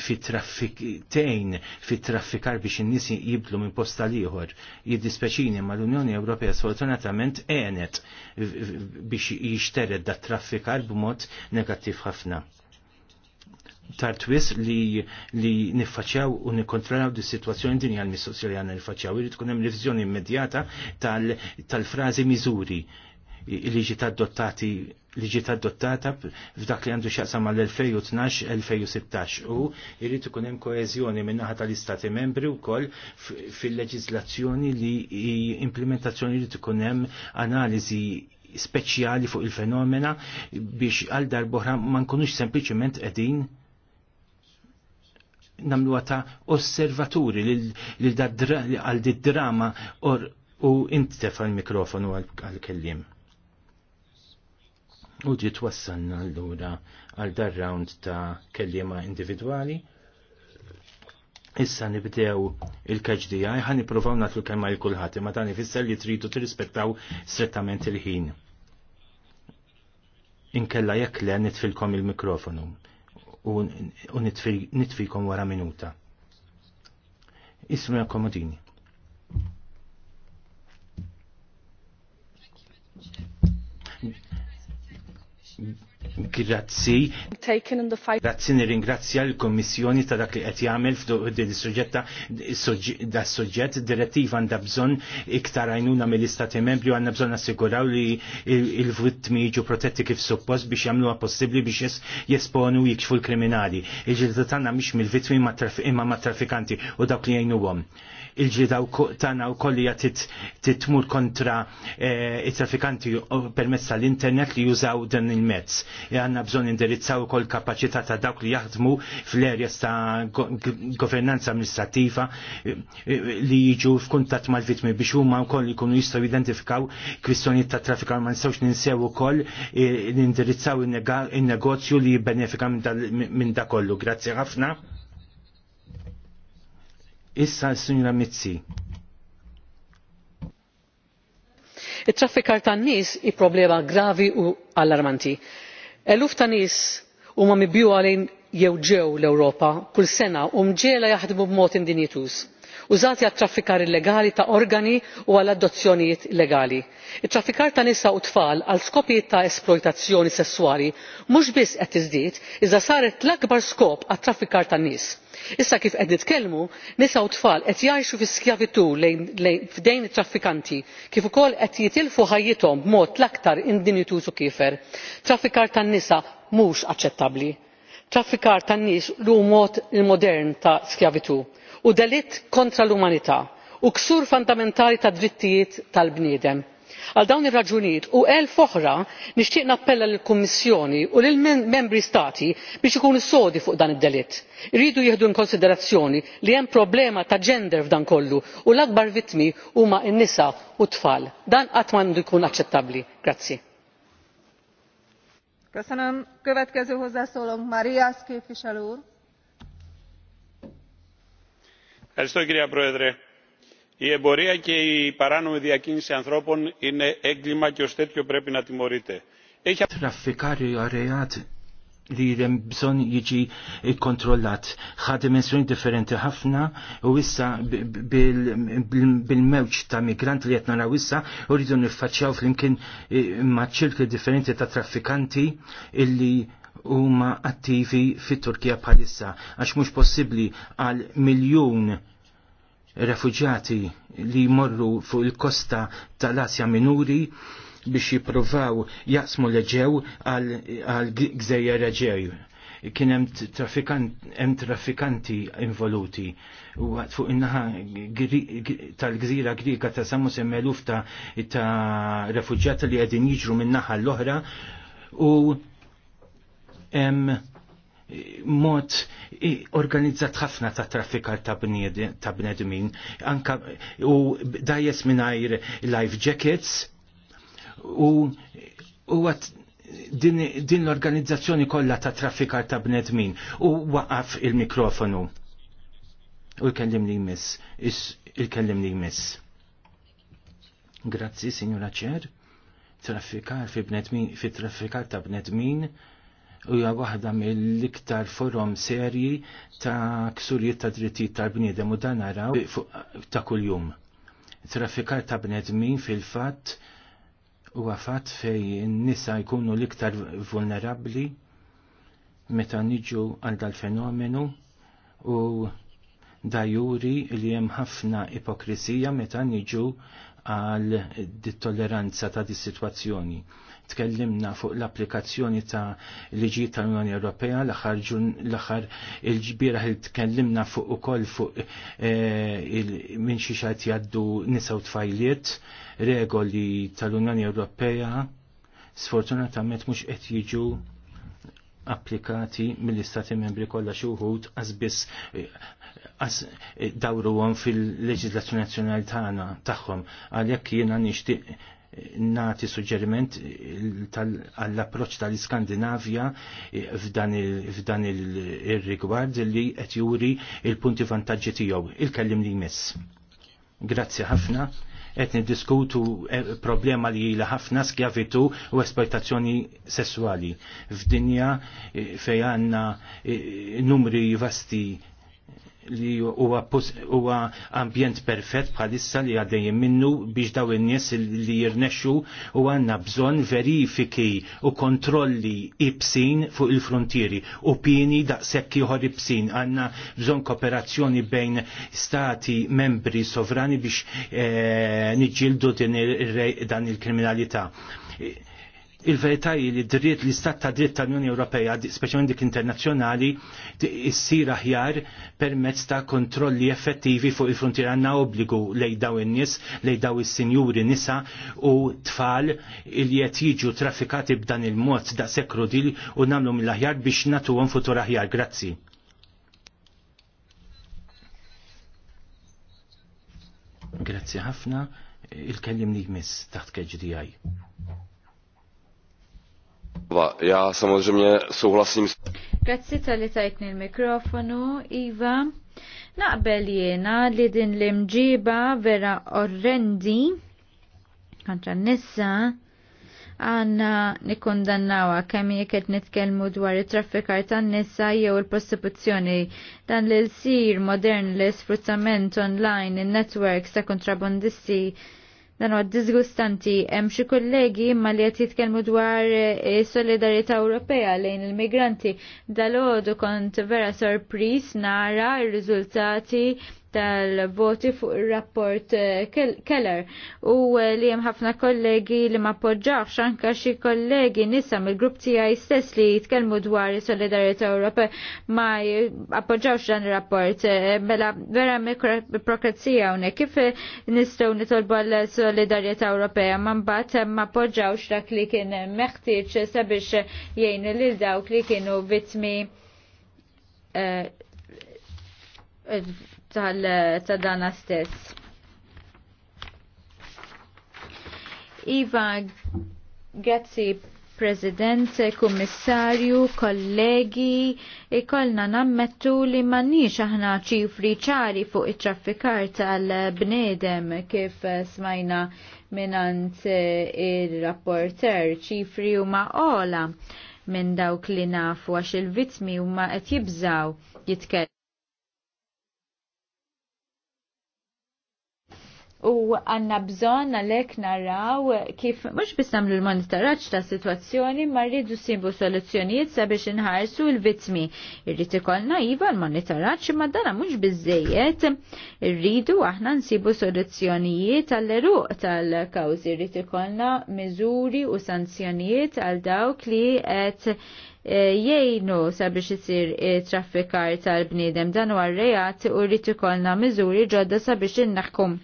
fit traffiktejn fit traffikar biex in-nies jiblu minn posta liħor. Jiddispeċini ma l-Unjoni Ewropea sfortunatament għenet biex jixtered da traffikar b'mod negattiv ħafna tartwis li, li niffaċjaw u nikkontrollaw di situazzjoni din għal mis-sozjali għanna niffaċjaw. Irrid tkun hemm revizjoni immedjata tal-frażi tal miżuri liġi ta' dottati liġi ta' dottata f'dak li għandu xaqsa mal-2012-2016 u irrid ikun hemm koeżjoni min-naħa tal-Istati membri wkoll fil-leġiżlazzjoni li implementazzjoni li ikun hemm analiżi speċjali fuq il-fenomena biex għal darbohra ma nkunux sempliċement qegħdin namlu ta' osservaturi għal di drama u intefa għal mikrofonu għal-kellim. U ġiet wassalna allura għal dar round ta' kelliema individwali. Issa nibdew il-kaġdija, ħan niprofaw natlu kemma il kulħadd, ma tani ifisser li tridu tirrispettaw strettament il-ħin. Inkella jekk le nitfilkom il-mikrofonu u nitfilkom wara minuta. Isma komodini. Grazzi. Grazzi nirringrazzja l-Kommissjoni ta' dak li qed jagħmel f'din is-suġġetta da suġġett direttiva għandha bżonn iktar għajnuna mill-Istati Membri u għandna bżonn assiguraw li l-vittmi jiġu protetti kif suppost biex jagħmluha possibbli biex jesponu jikxfu l-kriminali. Il-ġilda tagħna mhix mill-vittmi imma ma' traffikanti u dak li jgħinuhom il-ġida tagħna wkoll jatit titmur kontra eh, il trafikanti permezz tal-internet li jużaw dan il-mezz. E għanna bżon indirizzaw ukoll kapaċità ta' dawk li jaħdmu fl-erjas ta' governanza amministrativa eh, eh, li jiġu f'kuntatt mal-vitmi biex huma wkoll jkunu jistgħu identifikaw kwistjonijiet ta' trafika ma nistgħux ninsew ukoll nindirizzaw in-negozju li jibbenefika minn da kollu. Grazzi ħafna. Issa s-Sinjura Mizzi. Il-traffikar tan-nies i problema gravi u allarmanti. Eluf ta' u huma mibju għalejn jew ġew l-Ewropa kull sena u mġela jaħdmu b'mod indinitus. użati għat traffikar illegali ta' organi u għal adozzjonijiet illegali. it-traffikar ta' nisa u tfal għal skopijiet ta' esploitazzjoni sesswali mhux biss qed iżdied iżda saret l-akbar skop għat traffikar tan-nies issa kif qed nitkellmu nisa u tfal qed jgħixu fi skjavitu f'dejn it-traffikanti kif ukoll qed jitilfu ħajjithom b'mod l-aktar indinjituż kiefer. traffikar tan-nisa mhux aċċettabbli traffikar tan-nies hu mod modern ta' skjavitu u delitt kontra l-umanità u ksur fondamentali tad drittijiet tal bniedem għal dawn ir-raġunijiet u elf oħra nixtieq nappella lill-kummissjoni u lill-membri stati biex ikunu sodi fuq dan id-delitt. iridu jieħdu konsiderazzjoni li hemm problema ta' gender f'dan kollu u l-akbar vittmi huma n-nisa u t-tfal. dan qatt m'għandu jkun aċċettabbli η εμπορία και η παράνομη διακίνηση ανθρώπων είναι έγκλημα και ως τέτοιο πρέπει να τιμωρείται. Έχει... Traffikari għarejat li jirem bżon jiġi kontrollat. ħa dimensjoni differenti ħafna u issa bil-mewċ ta' migrant li jatna naraw issa u rridu nifacċaw flimkien eh, ma' ċirki differenti ta' traffikanti illi huma attivi fit-Turkija bħalissa għax għal refugjati li jmorru fuq il-kosta tal-Asja Minuri biex jipruvaw jaqsmu leġew għal gżejjer ġew. Kien hemm trafikanti involuti u fuq in-naħa tal-gżira Grika ta' samu semmeluf ta' refuġjati li qegħdin jiġru min-naħa l-oħra u hemm mod organizzat ħafna ta' traffika ta' bnedmin, anka u dajes minajr life jackets u u għat din, din l-organizzazzjoni kollha ta' traffika ta' bnedmin u waqaf il-mikrofonu u jkellim li jmiss, il li jmiss. Grazzi, Signora Ċer, traffikar fi bnedmin, fi traffikar ta' bnedmin u hija waħda mill-iktar forum serji ta' ksurijiet ta' drittijiet tal-bniedem u dan naraw ta' kuljum. Traffikar ta' bnedmin fil-fatt huwa fatt fej n-nisa jkunu l-iktar vulnerabbli meta niġu għal dal-fenomenu u dajuri li hemm ħafna ipokrisija meta niġu għal dit ta' dis-sitwazzjoni tkellimna fuq l-applikazzjoni ta' liġi tal-Unjoni Ewropea, l-aħħar il-ġbiraħ tkellimna fuq ukoll fuq eh, minn xi xajt jaddu nisaw tfajliet, regoli tal-Unjoni Ewropea, sfortunatament mhux qed jiġu applikati mill-istati membri kollha xi wħud biss eh, dawru għom fil leġislazzjoni nazzjonali tagħna tagħhom għalhekk jiena nixtieq nati suġġeriment eh, għall-approċ tal-Iskandinavja eh, f'dan il-rigward li qed juri il-punti vantaġġi tiegħu. Il-kellim li jmiss. Grazzi ħafna qed niddiskutu eh, problema li ilha ħafna skjavitu u esploitazzjoni sessuali f'dinja fejn għandna numri vasti li huwa ambjent perfett bħalissa li għaddejjem minnu biex daw in-nies li jirnexxu u għandna bżonn verifiki u kontrolli ibsin fuq il-frontieri u pieni daqshekk ieħor ibsin. Għandna bżonn kooperazzjoni bejn stati membri sovrani biex eh, niġġieldu dan il-kriminalità il-verità li dritt li stat ta' dritt tal-Unjoni Ewropea, speċjalment dik internazzjonali, issir aħjar permezz ta' kontrolli effettivi fuq il frontiera għandna obbligu lejn daw in-nies, lejn daw is-sinjuri nisa u tfal li qed jiġu traffikati b'dan il-mod da' dil u nagħmlu mill-aħjar biex nagħtuhom futur aħjar. Grazzi. Grazzi ħafna il-kellim li jmiss taħt keġdijaj. Ja, iva, samozřejmě souhlasím. s... tal-li tajtni l-mikrofonu, Iva. Naqbel jena li din l-imġiba vera orrendi kontra nissa għanna nikondannawa kemm jekk qed nitkellmu dwar it-traffikar tan-nisa jew il-prostituzzjoni dan l-sir modern l-isfruttament online in-networks ta' kontrabandisti dan huwa disgustanti hemm xi kollegi imma li qed jitkellmu dwar is-solidarità eh, Ewropea lejn il-migranti. Dalodu kont vera sorpris nara r-riżultati tal-voti fuq il-rapport eh, Keller u eh, li hemm ħafna kollegi li ma poġġafx anka xi kollegi nisa mill-grupp tiegħi stess li jitkellmu dwar is-Solidarjetà Ewropea ma appoġġawx dan ir-rapport. Eh, mela vera mikrokrazija hawnhekk kif nistgħu nitolbu għal solidarjetà Ewropea ma mbagħad ma appoġġawx dak li kien meħtieġ sabiex jgħin lil dawk li kienu vittmi tal-dana stess. Iva, Gazzi, President, Kummissarju, kollegi, ikollna nammettu li mannix aħna ċifri ċari fuq it-traffikar tal-bnedem kif smajna minant eh, il-rapporter ċifri u maqola minn dawk li nafu għax il-vitmi u ma' jibżaw jitkell. u għanna bżon għalek naraw kif mux bisamlu l-monitoraċ ta' situazzjoni ma rridu simbu soluzzjonijiet sabiex nħarsu l-vittmi. Irrid ikollna iva l-monitoraċ ma dana mux bizzejiet irridu aħna nsibu soluzzjonijiet għall-eruq tal-kawzi. Irrid ikollna miżuri u sanzjonijiet għal dawk li qed e, jgħinu sabiex isir e, traffikar tal-bniedem dan huwa rejat u rrid ikollna miżuri ġodda sabiex innaħkum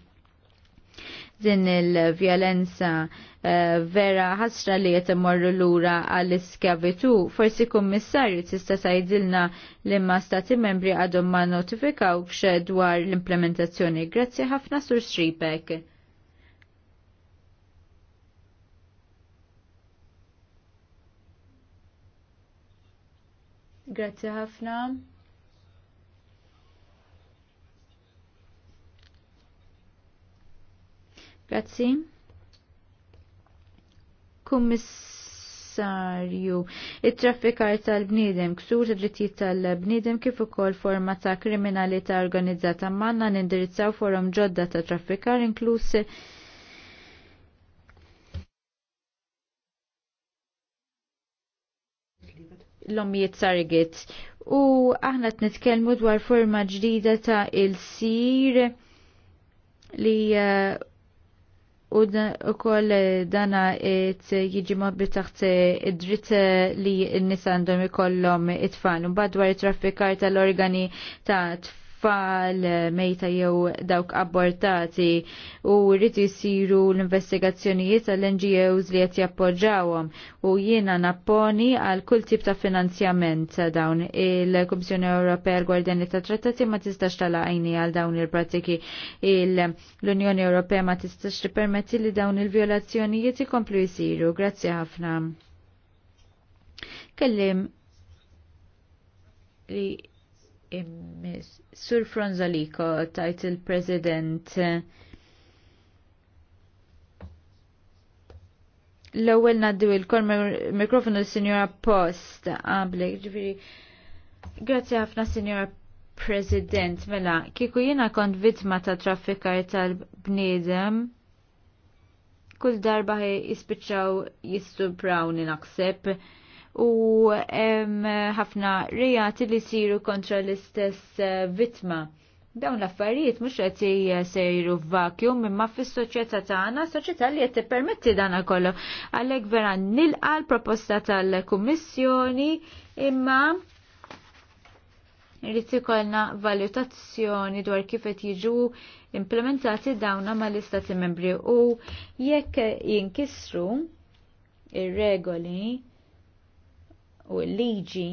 din il-vjolenza uh, eh, vera ħasra li qed imorru lura għall-iskavitu. Forsi kummissarju tista' tgħidilna li ma stati membri għadhom ma notifikawx dwar l-implementazzjoni. Grazzi ħafna sur Stripek. Grazzi ħafna. Grazzi. Kummissarju, it-traffikar tal-bniedem, ksur id-drittijiet tal-bniedem kif ukoll forma ta' kriminalità organizzata manna nindirizzaw forum ġodda ta' traffikar inklusi l-ommijiet sarigit. U aħna t-nitkelmu dwar forma ġdida ta' il-sir li eh, u koll dana qed jiġi mobbi taħt id-dritt li n-nisa għandhom ikollhom it-tfal. Mbagħad dwar it-traffikar tal-organi ta' tfal tfal mejta jew dawk abortati u rridu jisiru l-investigazzjonijiet tal-NGOs li qed jappoġġawhom u jiena napponi għal kull tip ta' finanzjament ta' dawn. Il-Kummissjoni Ewropea l-Gwardjani ta' Trattati ma tistax tal għajni għal dawn il-pratiki. L-Unjoni Ewropea ma tistax tippermetti li dawn il-violazzjonijiet ikomplu jisiru. Grazzi ħafna. Kellim li Sur Franzalico title president l-ewwel naddu il-kol mikrofonu l-Sinjora Post għablek, ġviri. Grazzi ħafna Sinjora President, mela, kieku jiena kont vittma ta' traffikar tal-bniedem, kull darba jispiċċaw jistu naħseb. naħseb u ħafna rijati li siru kontra l-istess eh, vitma. Dawn l-affarijiet mhux qed jsejru f'vacuum imma fis-soċjetà tagħna, soċieta li qed tippermetti dan kollu. Għalhekk vera nilqa l-proposta tal-Kummissjoni imma irrid ikollna valutazzjoni dwar kif qed jiġu implementati dawna mal-istati membri u jekk jinkisru ir-regoli u l-liġi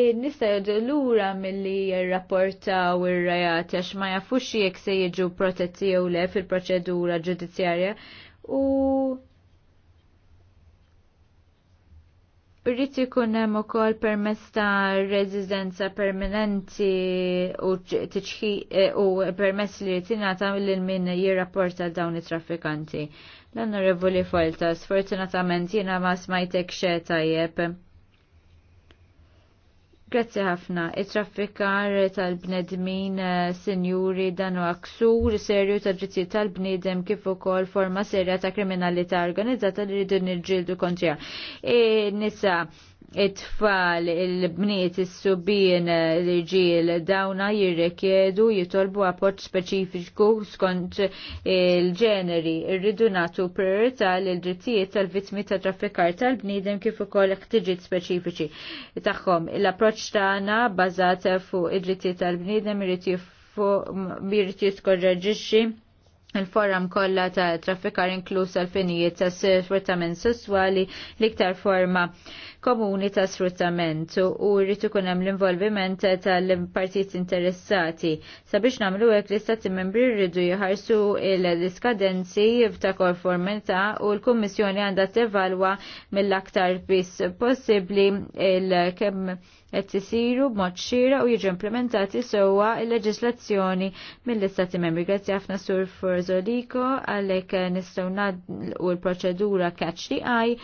e, nista joddu l-ura mill-li jirrapporta u r-rajat għax ma jafux jek se jieġu protetti u le fil-proċedura ġudizzjarja u Irrid ikun hemm ukoll permess ta' residenza permanenti u e, u permess li jrid ingħata lil min jirrapporta dawn it-traffikanti. L-Onorevoli Folta, sfortunatament jiena ma smajtek xe tajjeb. Grazzi ħafna. It-traffikar tal-bnedmin eh, senjuri dan aksur serju ta' ġittijiet tal-bnedem kif ukoll forma serja ta' kriminalità organizzata li rridu nirġildu kontrija. E, nisa, it-tfal, il-bniet, il subien l-ġil, dawna jirrekjedu jitolbu apport speċifiku skont il-ġeneri. Irridu natu priorità l-drittijiet tal-vittmi ta' traffikar tal-bnidem kif ukoll ħtiġiet speċifiċi tagħhom. L-approċċ tagħna bażat fuq id-drittijiet tal-bniedem irid jiskorreġixxi il-forum kollha ta' traffikar inkluż għal finijiet ta' sfruttament sesswali l-iktar forma komuni ta' sfruttament u jrid ikun hemm l-involviment tal-partijiet interessati. Sabiex nagħmlu hekk l-istati membri rridu jħarsu l-diskadenzi ta' konformità u l-Kummissjoni għandha tevalwa mill-aktar biss possibbli il-kemm qed isiru b'mod xira u jiġu implementati sewwa l-leġislazzjoni mill-Istati Membri. Grazzi ħafna Sur Forzoliko għalhekk nistgħu u l-proċedura catch the eye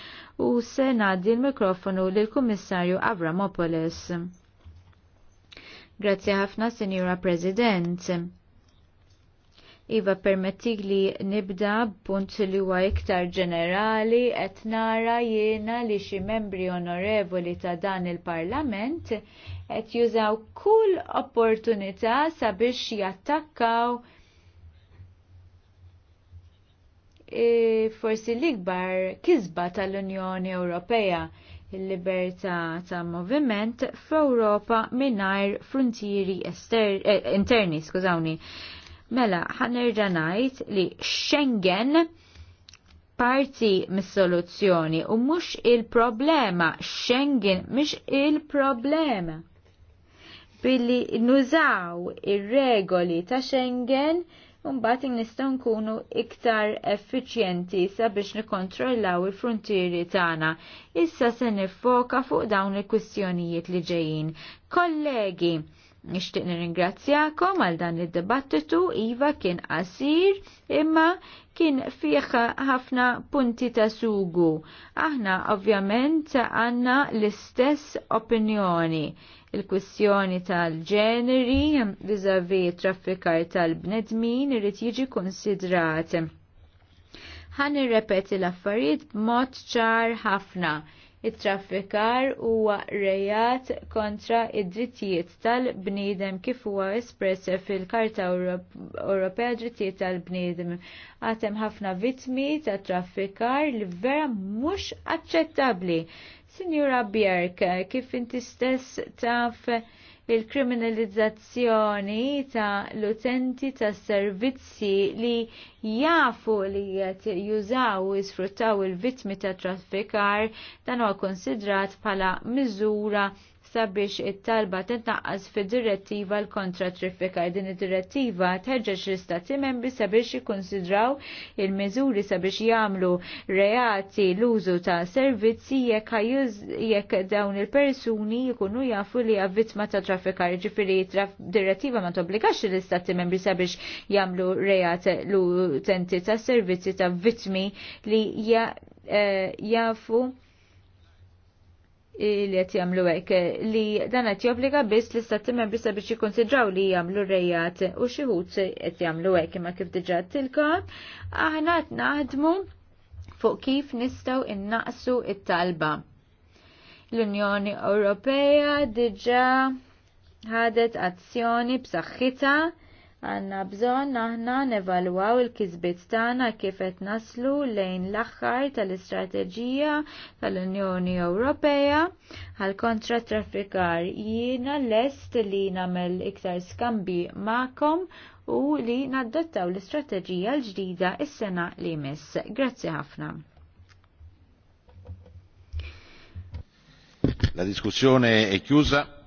u se ngħaddi l-mikrofonu lill-Kummissarju Avramopoulos. Grazzi ħafna, Senjora President. Iva permetti li nibda punt li huwa iktar ġenerali qed nara jiena li xi membri onorevoli ta' dan il-Parlament qed jużaw kull opportunità sabiex jattakkaw E, forsi l-ikbar kizba tal-Unjoni Ewropea il-libertà ta' moviment f'Ewropa mingħajr frontieri eh, e, interni, skużawni. Mela, ħanerġa' ngħid li Schengen parti mis-soluzzjoni u mhux il-problema. Schengen mhux il-problema. Billi nużaw ir-regoli ta' Schengen Mbagħad nistgħu nkunu iktar effiċjenti sabiex nikkontrollaw il-frontieri tagħna. Issa se nifoka fuq dawn il-kwistjonijiet li ġejjin. Kollegi, nixtieq nirringrazzjakom għal dan id-dibattitu iva kien qasir imma kien fih ħafna punti ta' sugu. Aħna ovvjament għandna l-istess opinjoni il-kwistjoni tal-ġeneri vizavi traffikar tal-bnedmin irrid jiġi konsidrat. Ħan irrepeti l-affarijiet b'mod ċar ħafna it-traffikar huwa rejat kontra id-drittijiet tal-bniedem kif huwa espress fil-Karta Ewropea Drittijiet tal-Bniedem. Għatem ħafna vittmi ta' traffikar li vera mhux aċċettabbli. Sinjura Bjerk, kif inti stess taf il-kriminalizzazzjoni ta' l-utenti ta' servizzi li jafu li jużaw u jisfruttaw il-vittmi ta' traffikar dan huwa konsidrat bħala miżura sabiex it-talba tintaqqas fi direttiva l-kontra traffika. Din id-direttiva tħeġġeġ l-istati membri sabiex jikkonsidraw il-miżuri sabiex jagħmlu reati l-użu ta' servizzi jekk jek dawn il-persuni jikunu jafu li vittma ta' traffika. Ġifiri, direttiva ma tobbligax l-istati membri sabiex jagħmlu reati l-utenti ta' servizzi ta' vittmi li eh, jafu li qed jagħmlu hekk li dan qed jobbliga biss li stati membri sabiex jikkonsidraw li jagħmlu rejjat u xi għet qed jagħmlu hekk imma kif diġà tilka aħna qed naħdmu fuq kif nistgħu innaqsu it-talba. L-Unjoni Ewropea diġà ħadet azzjoni b'saħħitha Għanna bżon aħna nevalwaw il-kizbit tagħna kif qed naslu lejn l-aħħar tal-istrateġija tal-Unjoni Ewropea għal kontra traffikar. Jiena lest li nagħmel iktar skambi magħkom u li nadottaw l-istrateġija l-ġdida is-sena li jmiss. Grazzi ħafna. La diskussione è chiusa.